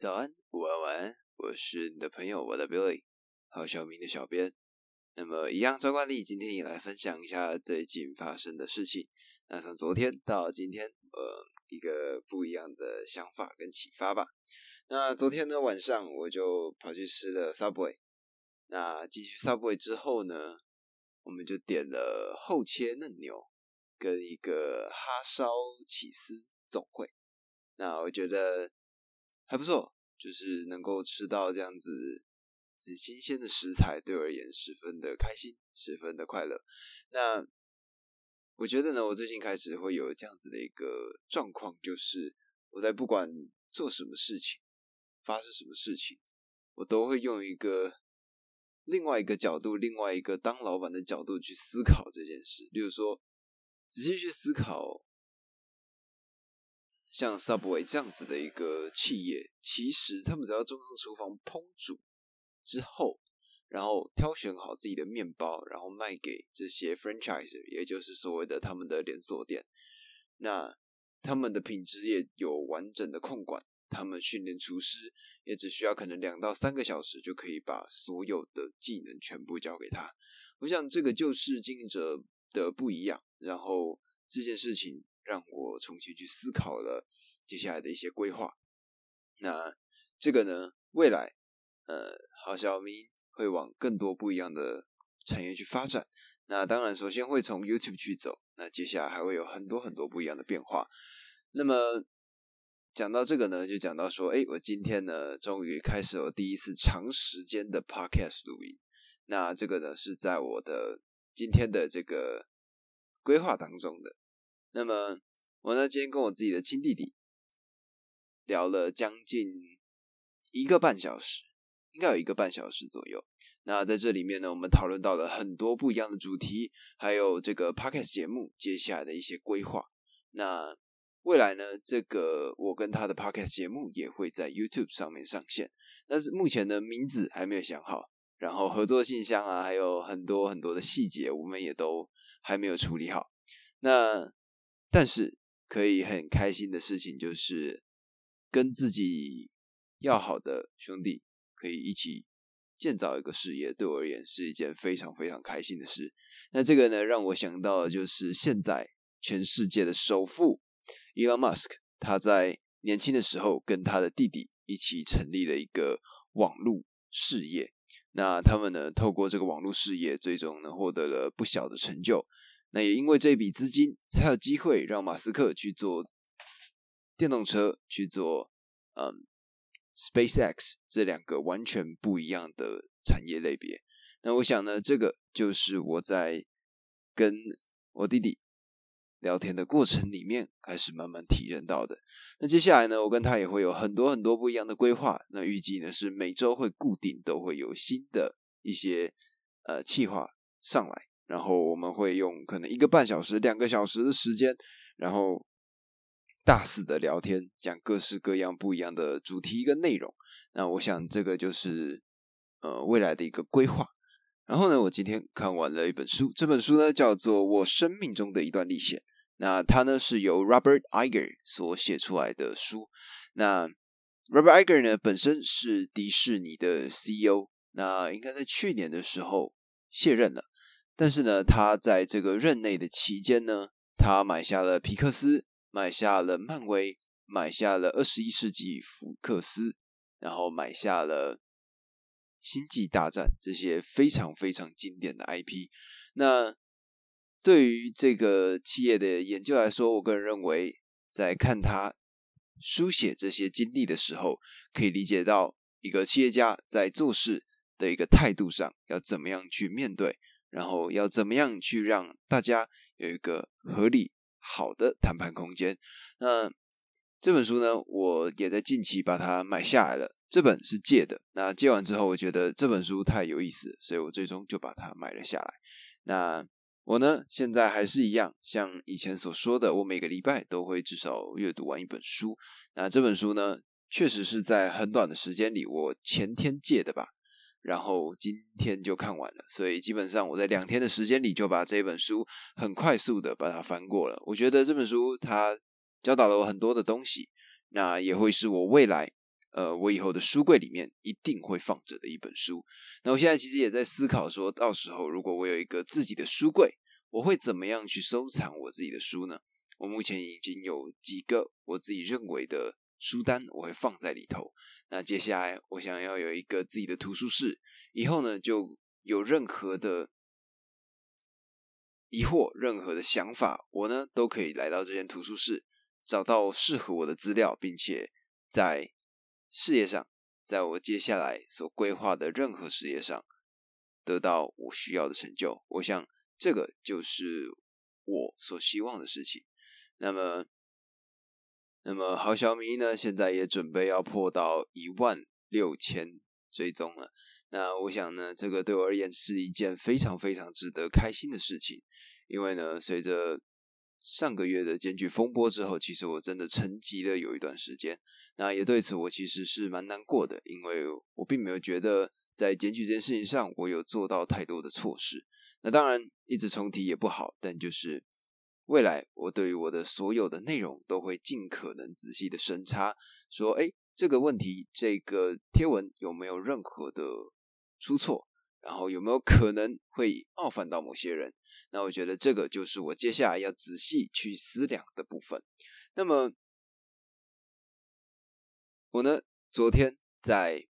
早安，午安，晚安，我是你的朋友，我的 Billy，好小明的小編。那麼，一樣照慣例，今天也來分享一下最近發生的事情。那從昨天到今天，呃，一個不一樣的想法跟啟發吧。那昨天的晚上，我就跑去吃了 Subway。那進去 Subway 之後呢，我們就點了厚切嫩牛跟一個哈燒起司總匯。那我覺得。還不錯，就是能夠吃到這樣子很新鮮的食材，對我而言十分的開心，十分的快樂。那我覺得呢，我最近開始會有這樣子的一個狀況，就是我在不管做什麼事情，發生什麼事情，我都會用一個另外一個角度，另外一個當老闆的角度去思考這件事。例如說，仔細去思考。像 Subway 這樣子的一個企業，其實他們只要中央廚房烹煮之後，然後挑選好自己的面包，然後賣給這些 franchise，也就是所謂的他們的連鎖店。那他們的品質也有完整的控管，他們訓練廚師也只需要可能兩到三個小時就可以把所有的技能全部交給他。我想這個就是經營者的不一樣，然後這件事情。讓我重新去思考了接下來的一些規劃。那這個呢，未來，呃，好，小明會往更多不一樣的產業去發展。那當然，首先會從 YouTube 去走。那接下來還會有很多很多不一樣的變化。那麼講到這個呢，就講到說，誒，我今天呢，終於開始我第一次長時間的 Podcast 錄音。那這個呢，是在我的今天的這個規劃當中的。那麼我呢，今天跟我自己的親弟弟聊了將近一個半小時，應該有一個半小時左右。那在這裡面呢，我們討論到了很多不一樣的主題，還有這個 podcast 節目接下來的一些規劃。那未來呢，這個我跟他的 podcast 節目也會在 YouTube 上面上線，但是目前的名字還沒有想好，然後合作信箱啊，還有很多很多的細節，我們也都還沒有處理好。那但是可以很開心的事情就是，跟自己要好的兄弟可以一起建造一個事業，對我而言是一件非常非常開心的事。那這個呢，讓我想到的就是現在全世界的首富，Elon Musk，他在年輕的時候跟他的弟弟一起成立了一個網絡事業。那他們呢，透過這個網絡事業，最終呢，獲得了不小的成就。那也因為這筆資金，才有機會讓馬斯克去做電動車，去做嗯 SpaceX 這兩個完全不一樣的產業類別。那我想呢，這個就是我在跟我弟弟聊天的過程裡面開始慢慢體驗到的。那接下來呢，我跟他也會有很多很多不一樣的規劃。那預計呢，是每周會固定都會有新的一些呃計劃上來。然後我們會用可能一個半小時、兩個小時的時間，然後大肆的聊天，講各式各樣不一樣的主題跟內容。那我想這個就是呃未來的一個規劃。然後呢，我今天看完了一本書，這本書呢叫做《我生命中的一段歷險》。那它呢是由 Robert Iger 所寫出來的書。那 Robert Iger 呢本身是迪士尼的 CEO，那應該在去年的時候卸任了。但是呢，他在這個任內的期間呢，他買下了皮克斯，買下了漫威，買下了二十一世紀福克斯，然後買下了星際大戰這些非常非常經典的 IP。那對於這個企業的研究來說，我個人認為，在看他書寫這些經歷的時候，可以理解到一個企業家在做事的一個態度上要怎麼樣去面對。然後要怎麼樣去讓大家有一個合理好的談判空間？那這本書呢，我也在近期把它買下來了。這本是借的，那借完之後，我覺得這本書太有意思，所以我最終就把它買了下來。那我呢，現在還是一樣，像以前所說的，我每個禮拜都會至少閱讀完一本書。那這本書呢，確實是在很短的時間裡，我前天借的吧。然後今天就看完了，所以基本上我在兩天的時間裡就把這本書很快速的把它翻過了。我覺得這本書它教導了我很多的東西，那也會是我未來，呃，我以後的書櫃裡面一定會放着的一本書。那我現在其實也在思考說，到時候如果我有一個自己的書櫃，我會怎麼樣去收藏我自己的書呢？我目前已經有幾個我自己認為的書單，我會放在裡頭。那接下來，我想要有一個自己的圖書室，以後呢就有任何的疑惑、任何的想法，我呢都可以來到這間圖書室，找到適合我的資料，並且在事業上，在我接下來所規劃的任何事業上，得到我需要的成就。我想，這個就是我所希望的事情。那麼。那麼，好，小米呢，現在也準備要破到一萬六千追蹤了。那我想呢，這個對我而言是一件非常非常值得開心的事情，因為呢，隨着上個月的檢舉風波之後，其實我真的沉寂了有一段時間。那也對此，我其實是蠻難過的，因為我並沒有覺得在檢舉這件事情上，我有做到太多的錯事。那當然，一直重提也不好，但就是。未來，我對於我的所有的內容都會盡可能仔細的審查，說，哎，這個問題，這個貼文有沒有任何的出錯，然後有沒有可能會冒犯到某些人？那我覺得這個就是我接下來要仔細去思量的部分。那麼，我呢，昨天在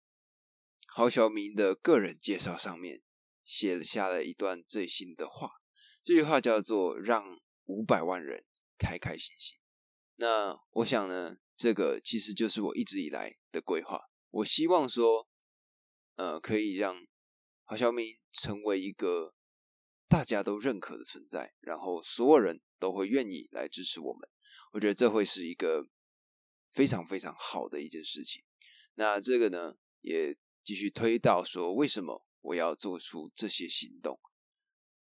郝曉明的個人介紹上面寫了下了一段最新的話，這句話叫做“讓”。五百萬人開開心心。那我想呢，這個其實就是我一直以來的規劃。我希望說，呃，可以讓郝曉明成為一個大家都認可的存在，然後所有人都會願意來支持我們。我覺得這會是一個非常非常好的一件事情。那這個呢，也繼續推到說，為什麼我要做出這些行動？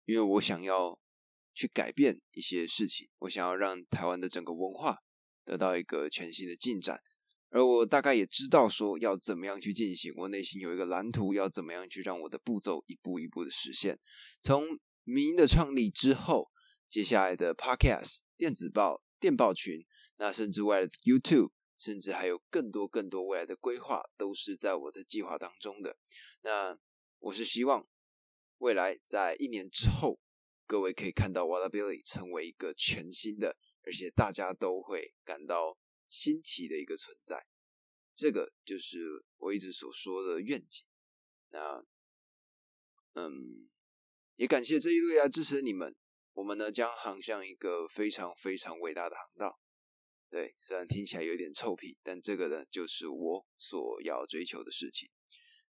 因為我想要。去改變一些事情，我想要讓台灣的整個文化得到一個全新的進展，而我大概也知道說要怎麼樣去進行，我內心有一個藍圖，要怎麼樣去讓我的步驟一步一步的實現。從明的創立之後，接下來的 Podcast、電子報、電報群，那甚至未來的 YouTube，甚至還有更多更多未來的規劃，都是在我的計劃當中的。那我是希望未來在一年之後。各位可以看到 Wala Billy 成為一個全新的，而且大家都會感到新奇的一個存在。這個就是我一直所說的願景。那，嗯，也感謝這一路來支持你們。我們呢將航向一個非常非常偉大的航道。對，雖然聽起來有點臭屁，但這個呢就是我所要追求的事情。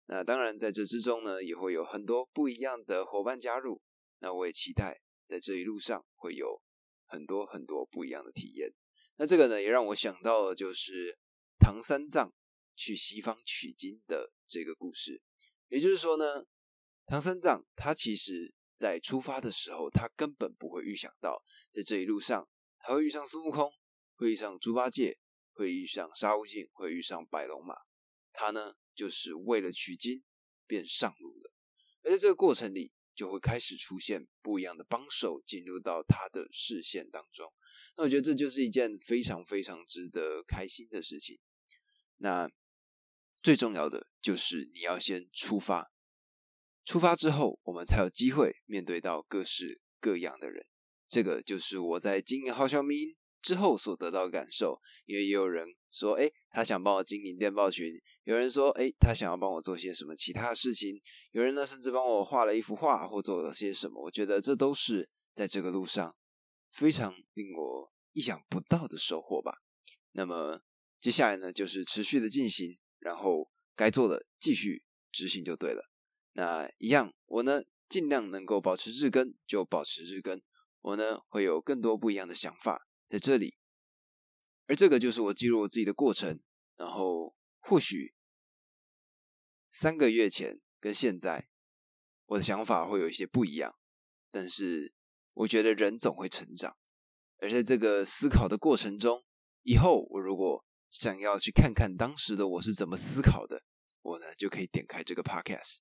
那當然，在這之中呢，也會有很多不一樣的夥伴加入。那我也期待在這一路上會有很多很多不一樣的體驗。那這個呢，也讓我想到了，就是唐三藏去西方取經的這個故事。也就是說呢，唐三藏他其實在出發的時候，他根本不會預想到，在這一路上他會遇上孫悟空，會遇上豬八戒，會遇上沙悟淨，會遇上白龍馬。他呢，就是為了取經便上路了，而在這個過程裡。就會開始出現不一樣的幫手進入到他的視線當中，那我覺得這就是一件非常非常值得開心的事情。那最重要的就是你要先出發，出發之後我們才有機會面對到各式各樣的人，這個就是我在經營好小米之後所得到的感受，因為也有人說，哎，他想幫我經營電報群；有人說，哎，他想要幫我做些什麼其他的事情；有人呢，甚至幫我畫了一幅畫或做了些什麼。我覺得這都是在這個路上非常令我意想不到的收穫吧。那麼接下來呢，就是持續的進行，然後該做的繼續執行就對了。那一樣，我呢盡量能夠保持日更就保持日更，我呢會有更多不一樣的想法在這裡，而這個就是我記錄我自己的過程。然後，或許三個月前跟現在，我的想法會有一些不一樣。但是，我覺得人總會成長。而在這個思考的過程中，以後我如果想要去看看當時的我是怎麼思考的，我呢，就可以點開這個 podcast。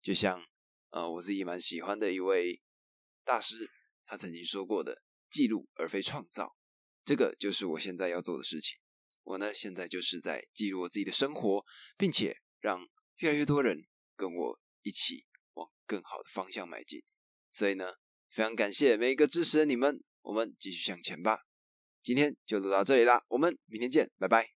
就像，呃，我自己蠻喜歡的一位大師，他曾經說過的：“記錄而非創造。”這個就是我現在要做的事情。我呢，現在就是在記錄我自己的生活，並且讓越來越多人跟我一起往更好的方向邁進。所以呢，非常感謝每一個支持的你們，我們繼續向前吧。今天就錄到這裡啦，我們明天見，拜拜。